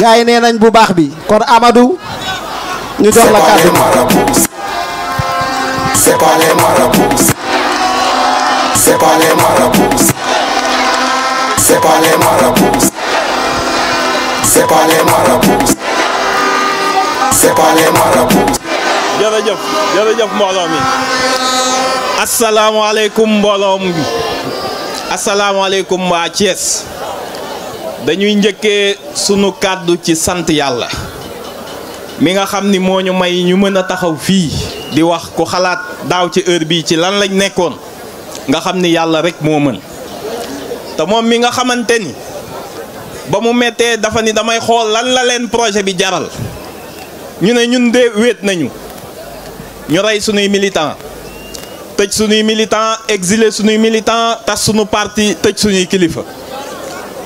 gars yi nee nañ bu baax bi kon Amadou ñu jox la kàddu c'est pas les marabouts c'est pas les marabouts c'est pas les marabouts c'est pas les marabouts c'est pas les marabouts jërëjëf jërëjëf mbooloo mi asalaamaaleykum waa Thiès dañuy njëkkee sunu kàddu ci sant yàlla mi nga xam ni moo ñu may ñu mën a taxaw fii di wax ku xalaat daaw ci heure bii ci lan lañ nekkoon nga xam ni yàlla rek moo mën te moom mi nga xamante ni ba mu mettee dafa ni damay xool lan la leen projet bi jaral ñu ne ñun de wéet nañu ñu rey sunuy militant tëj sunuy militant exilé sunuy militant tas sunu parti tëj sunuy kilifa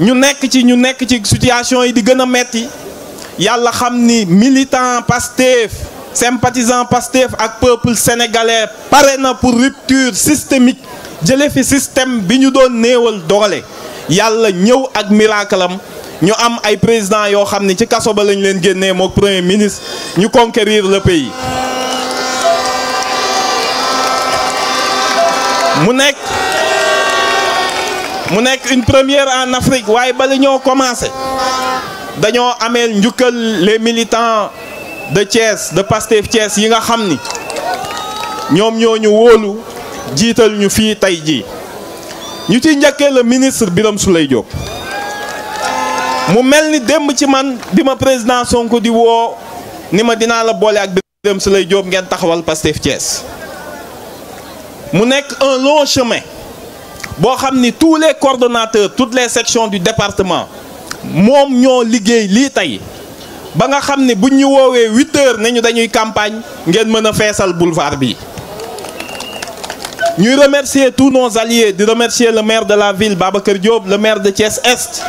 ñu nekk ci ñu nekk ci situation yi di gëna metti yàlla xam ni militant Pastef sympathisant Pastef ak peuple sénégalais pare na pour rupture systémique jële fi système bi ñu doon néewal doole yàlla ñëw ak miracle ñu am ay président yoo xam ne ci kaso ba lañ leen génnee moo premier ministre ñu conquérir le pays mu nekk une première en Afrique waaye bala ñoo commencé dañoo ameel njukkal les militants de Thiès de Pastef Thiès yi nga xam ni ñoom ñoo ñu wóolu jiital ñu fii tey jii ñu ci njëkkee la ministre Birame Souleye Diop mu mel ni démb ci man bi ma président Sonko di woo ni ma dinaa la boole ak Birame Souleye Diop ngeen taxawal Pastef Thiès mu nekk un long chemin. boo xam ni tous les coordonnateurs toutes les sections du département moom ñoo liggéey lii tey ba nga xam ni buñ ñu woowee huit heures nañu dañuy campagne ngeen mën a feesal boulevard bi. ñuy remercier tous nos alliés di remercier le maire de la ville Babacar Diop le maire de Thiès Est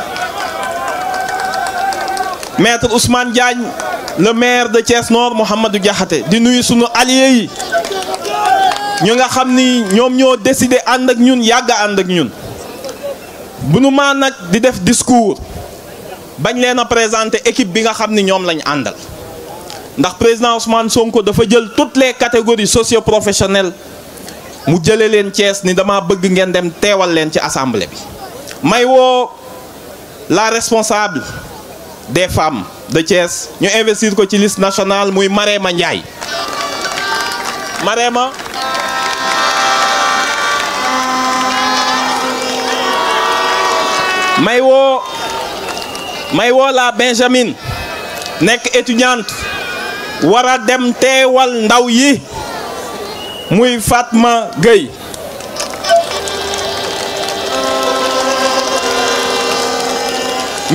maître Ousmane Diagne le maire de Thiès Nord Mouhamadou Diakhaté di nuyu sunu alliés yi. ñu nga xam ni ñoom ñoo décidé ànd ak ñun yàgg ànd ak ñun bu nu maa nag di def discours bañ leen a présenter équipe bi nga xam ni ñoom lañ àndal ndax président Ousmane Sonko dafa jël toutes les catégories socio-professionnelles mu jële leen Thiès ni dama bëgg ngeen dem teewal leen ci assemblée bi may woo la responsable des femmes de Thiès ñu investir ko ci liste nationale muy Marema Ndiaye Marema may woo may woo la Benjamin nekk étudiante wara dem teewal ndaw yi muy Fatma Gueye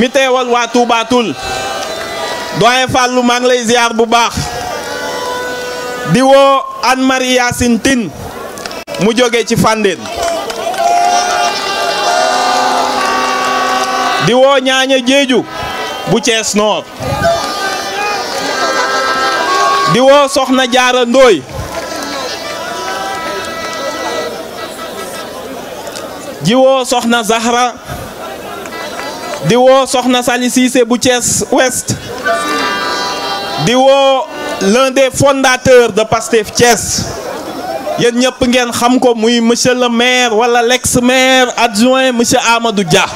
mi teewal waa Touba doyen Fallou maa lay ziar bu baax di woo Anne Marie Yacine mu jóge ci Fandène di woo ñaaña jeeju bu Cees Nord diwoo woo soxna jaara ndooy di soxna Zahra di woo soxna Sali Cissé bu cees Ouest di woo l'un des fondateurs de Pastef Thiès yéen ñëpp ngeen xam ko muy monsieur le maire wala l'ex maire adjoint monsieur Amadou Dia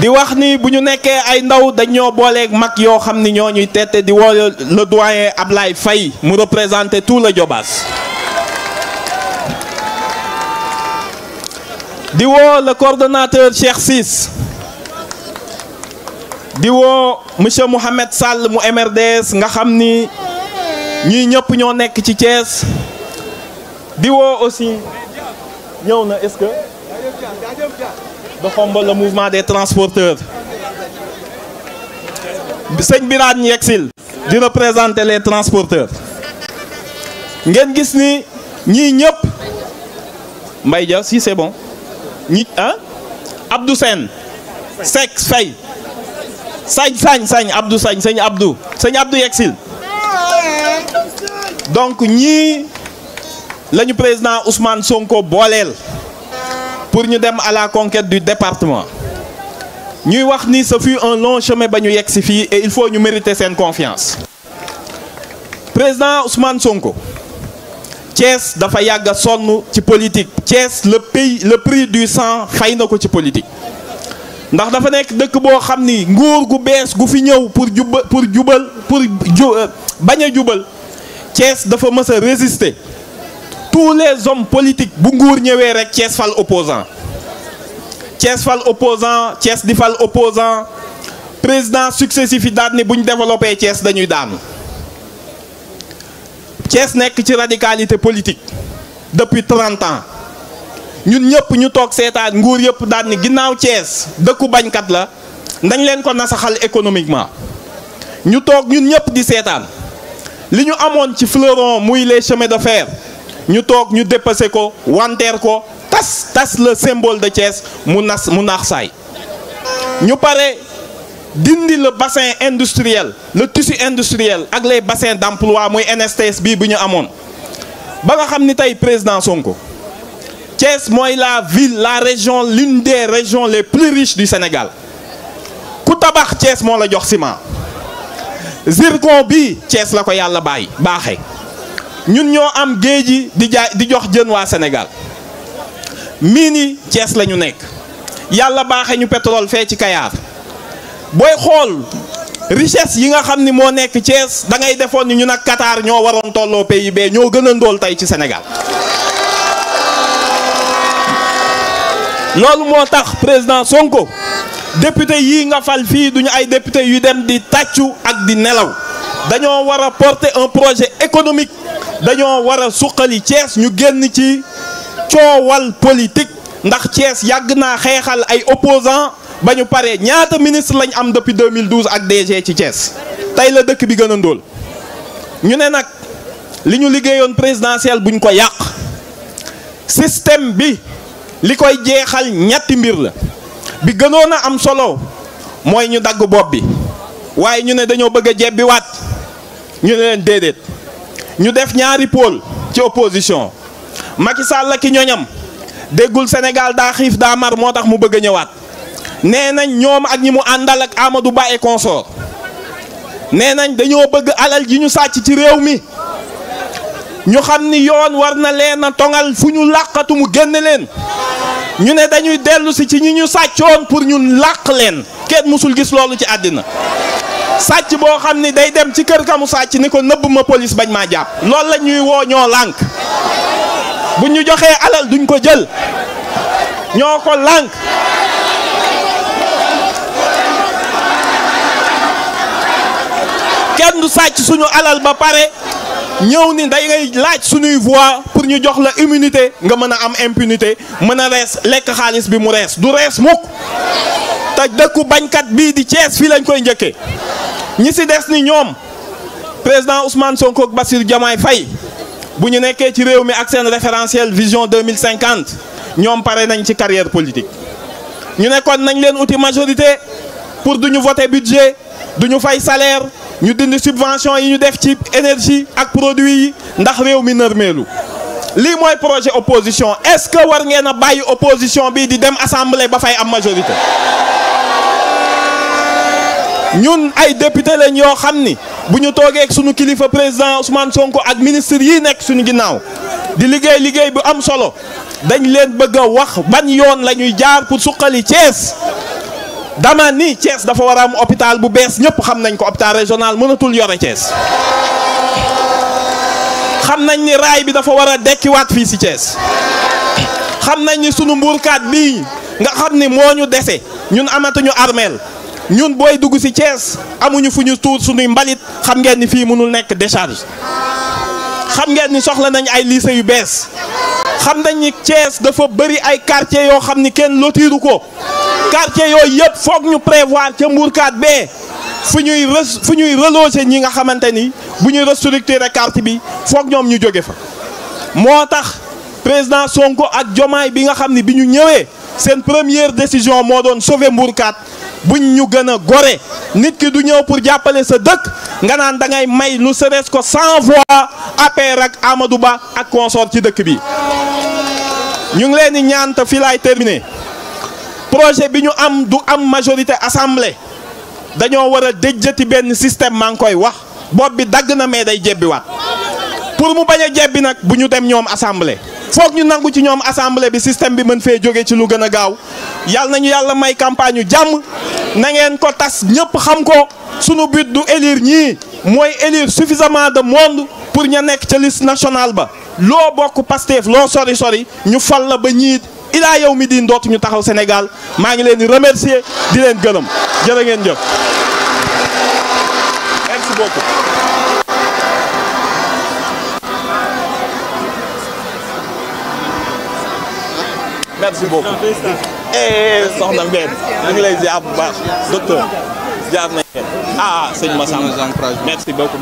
di wax nii bu ñu nekkee ay ndaw dañoo booleek mag yoo xam ni ñoo ñuy tette di woo le doyen Ablaye Faye mu représenté tout la Diobass di woo le coordonnateur Cheikh Ciss di woo monsieur Mouhamed Sall mu MRDS nga xam ni ñii ñëpp ñoo nekk ci Thiès di woo aussi ñëw na est-ce de Khombole le mouvement des transporteurs sëñ Birane Yeksil di représenter les transporteurs ngen gis ni ñii ñëpp Mbaye Dia si c'est bon abdu ah Abdou Sène Seck Faye Sañ Sañ Sañ Sañ sëñ Abdou sëñ Abdou Yeksil donc ñi lañu président Ousmane Sonko booleel pour ñu dem à la conquête du département ñuy wax ni ce fi un long chemin ba ñu yegg si fii et il faut ñu mériter seen confiance. président Ousmane Sonko Thiès dafa yàgga sonn ci politique Thiès le pays le prix du sang fay na ko ci politique. ndax dafa nekk dëkk boo xam ni nguur gu bees gu fi ñëw pour jubba pour jubal pour ju euh, bañ a jubal Thiès dafa mës a résister. tous les hommes politiques bu nguur ñëwee rek Thiès fal opposant Thiès fal opposant Thiès di fal opposant président successif yi daal ni bu ñu développé Thiès dañuy daanu cees nekk ci radicalité politique depuis 30 ans ñun ñëpp ñu toog seetaan nguur yëpp daal ginnaaw Thiès dëkku bañkat la dañ leen ko nasaxal économiquement ñu toog ñun ñëpp di seetaan li ñu amoon ci fleuron muy les chemins de fer. ñu toog ñu dépasé ko wanteer ko tas tas le symbole de Thiès mu nas mu naax saay ñu pare dindi le bassin industriel le tissu industriel ak les bassins d'emploi muy NSTS bii bu ñu amoon ba nga xam ni tey président Sonko Thiès mooy la ville la région l'une des régions les plus riches du Sénégal ku tabax Thiès moo la jox ciment zircon bi Thiès la ko yàlla bàyyi baaxee ñun ñoo am géej gi di jaay di jox jën waa senegal miin yi Cees la ñu nekk yàlla baaxe ñu pétrole fee ci Kayaar booy xool richesse yi nga xam ni moo nekk Cees da ngay defoon ni ñu nag Qatar ñoo waroon tolloo PIB ñoo gën a ndóol tey ci senegal loolu moo tax président Sonko député yii nga fal fii duñu ay député yu dem di tàccu ak di nelaw dañoo war a porter un projet économique dañoo war a suqali cees ñu génn ci coowal politique ndax cees yàgg naa xeexal ay opposants ba ñu paree ñaata ministre lañ am depuis 2012 ak DG ci Thiès tey la dëkk bi gën a ndóol ñu ne nag li ñu liggéeyoon présidentielle buñ ko yàq système bi li koy jeexal ñetti mbir la bi gënoon a am solo mooy ñu dagg bopp bi waaye ñu ne dañoo bëgg a jebbiwaat ñu ne leen déedéet. ñu def ñaari pôle ci opposition Macky Sall la ki ñoñam déggul Sénégal daa xiif daa mar moo tax mu bëgg ñëwaat nee nañ ñoom ak ñi mu àndal ak Amadou Ba et nee nañ dañoo bëgg alal ji ñu sàcc ci réew mi ñu xam ni yoon war na leen a tongal fu ñu làqatu mu génn leen ñu ne dañuy dellu si ci ñi ñu sàccoon pour ñu làq leen kenn mësul gis loolu ci àddina sàcc boo xam ni day dem ci kër kamu sàcc ni ko nëbb ma police bañ maa jàpp loolu la ñuy woo ñoo lànk bu ñu joxee alal duñu ko jël ñoo ko lànk kenn du sàcc suñu alal ba pare ñëw ni day ngay laaj suñuy voix pour ñu jox la immunité nga mën a am impunité mën a rees lekk xaalis bi mu rees du rees mukk te dëkku bañkat bii di Thiès fii lañ koy njëkkee ñi si des ni ñoom président Ousmane Sonko ak Bassirou Diomaye Faye bu ñu nekkee ci réew mi ak seen référentiel vision 2050 ñoom pare nañ ci carrière politique ñu nekkoon nañ leen outil majorité pour duñu voter budget duñu fay salaire ñu dindi subvention yi ñu def ci énergie ak produit yi ndax réew mi nërmeelu lii mooy projet opposition est-ce que war ngeen a bàyyi opposition bii di dem assemblée ba fay am majorité ñun ay député lañ yoo xam ni bu ñu toogee suñu kilifa président Ousmane Sonko ak ministre yi nekk suñu ginnaaw di liggéey liggéey bu am solo dañ leen bëgg a wax ban yoon lañuy ñuy jaar pour suqali Thiès dama ni Thiès dafa war a am hôpital bu bees ñëpp xam nañ ko hôpital régional mënatul yore Thiès xam nañ ni raay bi dafa war a dekkiwaat fii si Thiès xam nañ ni sunu mbuurkaat bii nga xam ni moo ñu dese ñun amatuñu armeel ñun booy dugg ci Thiès amuñu fu ñu tuur suñuy mbalit xam ngeen ni fii mënul nekk décharge xam ngeen ni soxla nañ ay lycée yu bees xam nañ ni Thiès dafa bëri ay quartier yoo xam ni kenn lotiru ko quartier yooyu yëpp foog ñu prévoir ca mbuurkaat bee fu ñuy res fu ñuy reloger ñi nga xamante ni bu ñuy restructurer carte bi foog ñoom ñu jóge fa moo tax président Sonko ak Jomaay bi nga xam ni bi ñu ñëwee seen première décision moo doon sauver bu buñ ñu gën a gore nit ki du ñëw pour jàppale sa dëkk nga naan da ngay may lu serees ko cent voix APR ak Amadou Ba ak consort ci dëkk bi ñu ngi leen di ñaan fii laay terminé projet bi ñu am du am majorité assemblée dañoo war a déjjati benn système maa ngi koy wax boot bi dagg na mais day jebbiwaat pour mu bañ a jebbi nag bu ñu dem ñoom assemblée foog ñu nangu ci ñoom assamble bi système bi mën fee jóge ci lu gën a gaaw yàlla nañu yàlla may campagne yu jàmm nangeen ko tas ñëpp xam ko sunu but du élire ñii mooy élire suffisamment de monde pour ña nekk ca liste nationale ba loo bokk Pastef loo sori sori ñu fal la ba ñii ilaa yow mi diin dootuñu taxaw Sénégal maa ngi leen di remercier di leen gërëm jërë ngeen jëf merci beaucoup. merci beaucoup. Eh, soxna Mbène ñu ngi lay ziar bu baax docteur ziar nañ leen ah, ah merci beaucoup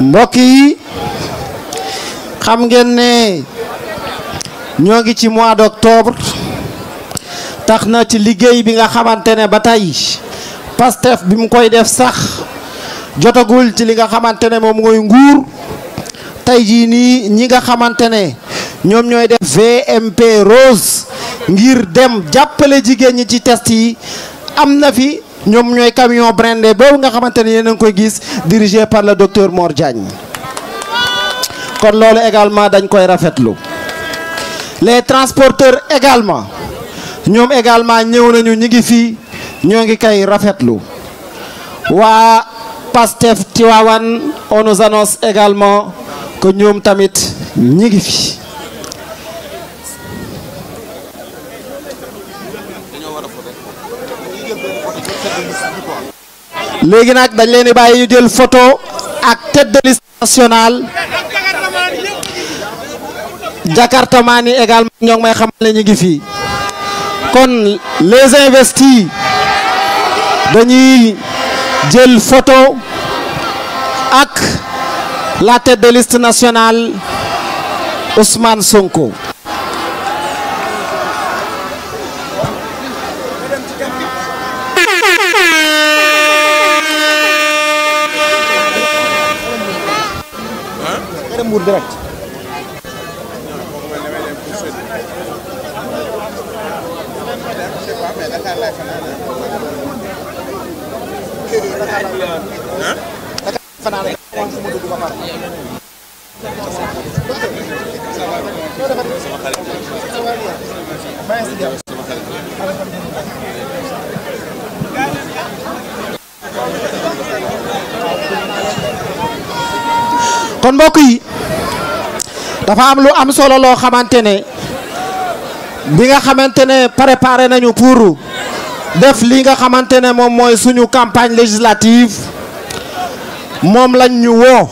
mbokk yi xam ngeen ne ñoo ngi ci mois d' octobre tax na ci liggéey bi nga xamante ne ba tey Pastef bi mu koy def sax. jotagul ci li nga xamante ne moom mooy nguur tey jii nii ñi nga xamante ne ñoom ñooy def VMP rose ngir dem jàppale jigéen ñi ci test yi am na fi ñoom ñooy camion blindé boobu nga xamante ne yéen a ngi koy gis dirigé par le docteur Mor Diagne kon loolu également dañ koy rafetlu les transporteurs également ñoom également ñëw nañu ñi ngi fii ñoo ngi koy rafetlu waa Pastef Tivaouane on nous annonce également que ñoom tamit ñi ngi fi léegi nag dañ leen bàyyi ñu jël photo ak tête de liste nationale également ñoo may xamal ne ñu ngi fi kon les investis dañuy jël photo ak la tête de liste nationale Ousmane Sonko. kon mbokk yi dafa am lu am solo loo xamante ne bi nga xamante ne préparé nañu pour def li nga xamante ne moom mooy suñu campagne législative moom lañ ñu woo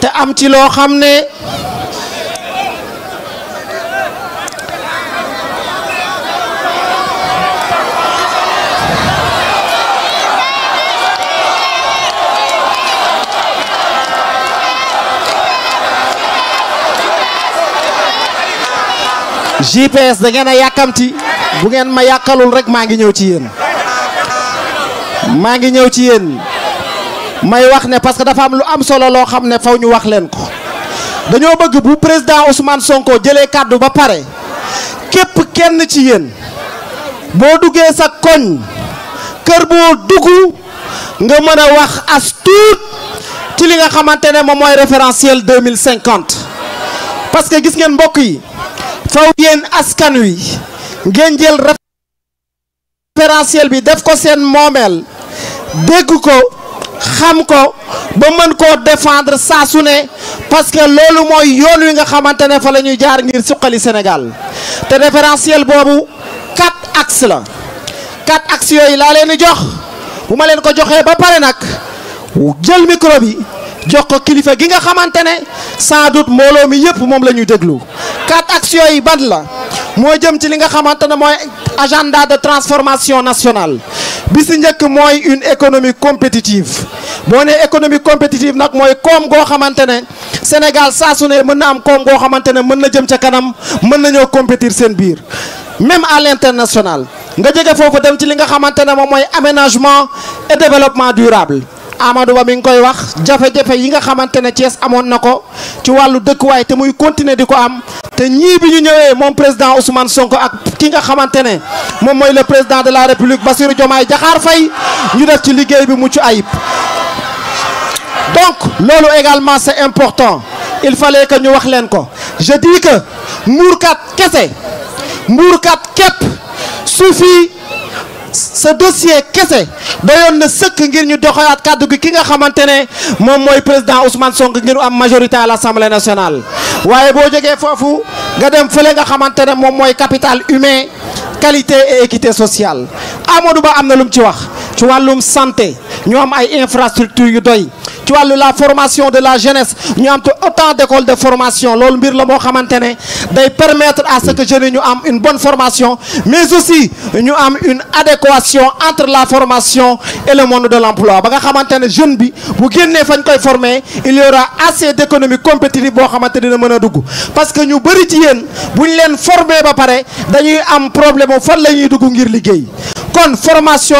te am ci loo xam ne GPS da ngeen a yàkkamti bu ngeen ma yàqalul rek maa ngi ñëw ci yéen maa ngi ñëw ci yéen may wax ne parce que dafa am lu am solo loo xam ne faw ñu wax leen ko dañoo bëgg bu président Ousmane Sonko jëlee kàddu ba pare képp kenn ci yéen boo duggee sa koñ kër boo dugg nga mën a wax as ci li nga xamante ne moom mooy référentiel 2050 parce que gis ngeen mbokk yi faw askan wi ngeen jël référentiel bi def ko seen moomeel dégg ko xam ko ba mën koo défendre saa su ne parce que loolu mooy yoon wi nga xamante ne fa la ñuy jaar ngir suqali Sénégal te référentiel boobu quatre axes la quatre axes yooyu laa leen di jox bu ma leen ko joxee ba pare nag jël micro jox ko kilifa gi nga xamante ne sans doute mbooloo mi yëpp moom la ñuy déglu quatre actions yi ban la moo jëm ci li nga xamante ne mooy agenda de transformation nationale bi njëkk mooy une économie compétitive boo nee économie compétitive nag mooy koom goo xamante ne Sénégal saa su ne mën na am koom goo xamante ne mën na jëm ca kanam mën na ñoo compétir seen biir même à l'international nga jóge foofu dem ci li nga xamante ne moom mooy aménagement et développement durable Amadou Ba mi ngi koy wax jafe-jafe yi nga xamante ne Thiès amoon na ko ci wàllu dëkkuwaay te muy continuer di ko am te ñii bi ñu ñëwee moom président Ousmane Sonko ak ki nga xamante ne moom mooy le président de la République Bassirou Diomaye Diakhar fay ñu def ci liggéey bi mucc ayib donc loolu également c'est important il fallait que ñu wax leen ko je dis que mbuurkat kese mbuurkat képp suffit sa dossier kese doyoon na sëkk ngir ñu doxalaat kàddu gi ki nga xamante ne moom mooy président Ousmane Sonko ngir am majorité à l'Assemblée nationale waaye boo jógee foofu nga dem fële nga xamante ne moom mooy capital humain qualité et équité sociale Amadou Ba am na lu mu ci wax ci wàllum santé ñu am ay infrastructures yu doy ci wàllu la formation de la jeunesse ñu am te autant d' école de formation loolu mbir la moo xamante ne day permettre à ce que jeunes yi ñu am une bonne formation mais aussi ñu am une adéquation entre la formation et le monde de l' emploi ba nga xamante ne jeune bi bu génnee fañ koy former il y aura assez d' compétitive boo xamante dina mën a dugg parce que ñu bëri ci yéen bu ñu leen former ba pare dañuy am problème fan la ñuy dugg ngir liggéey kon formation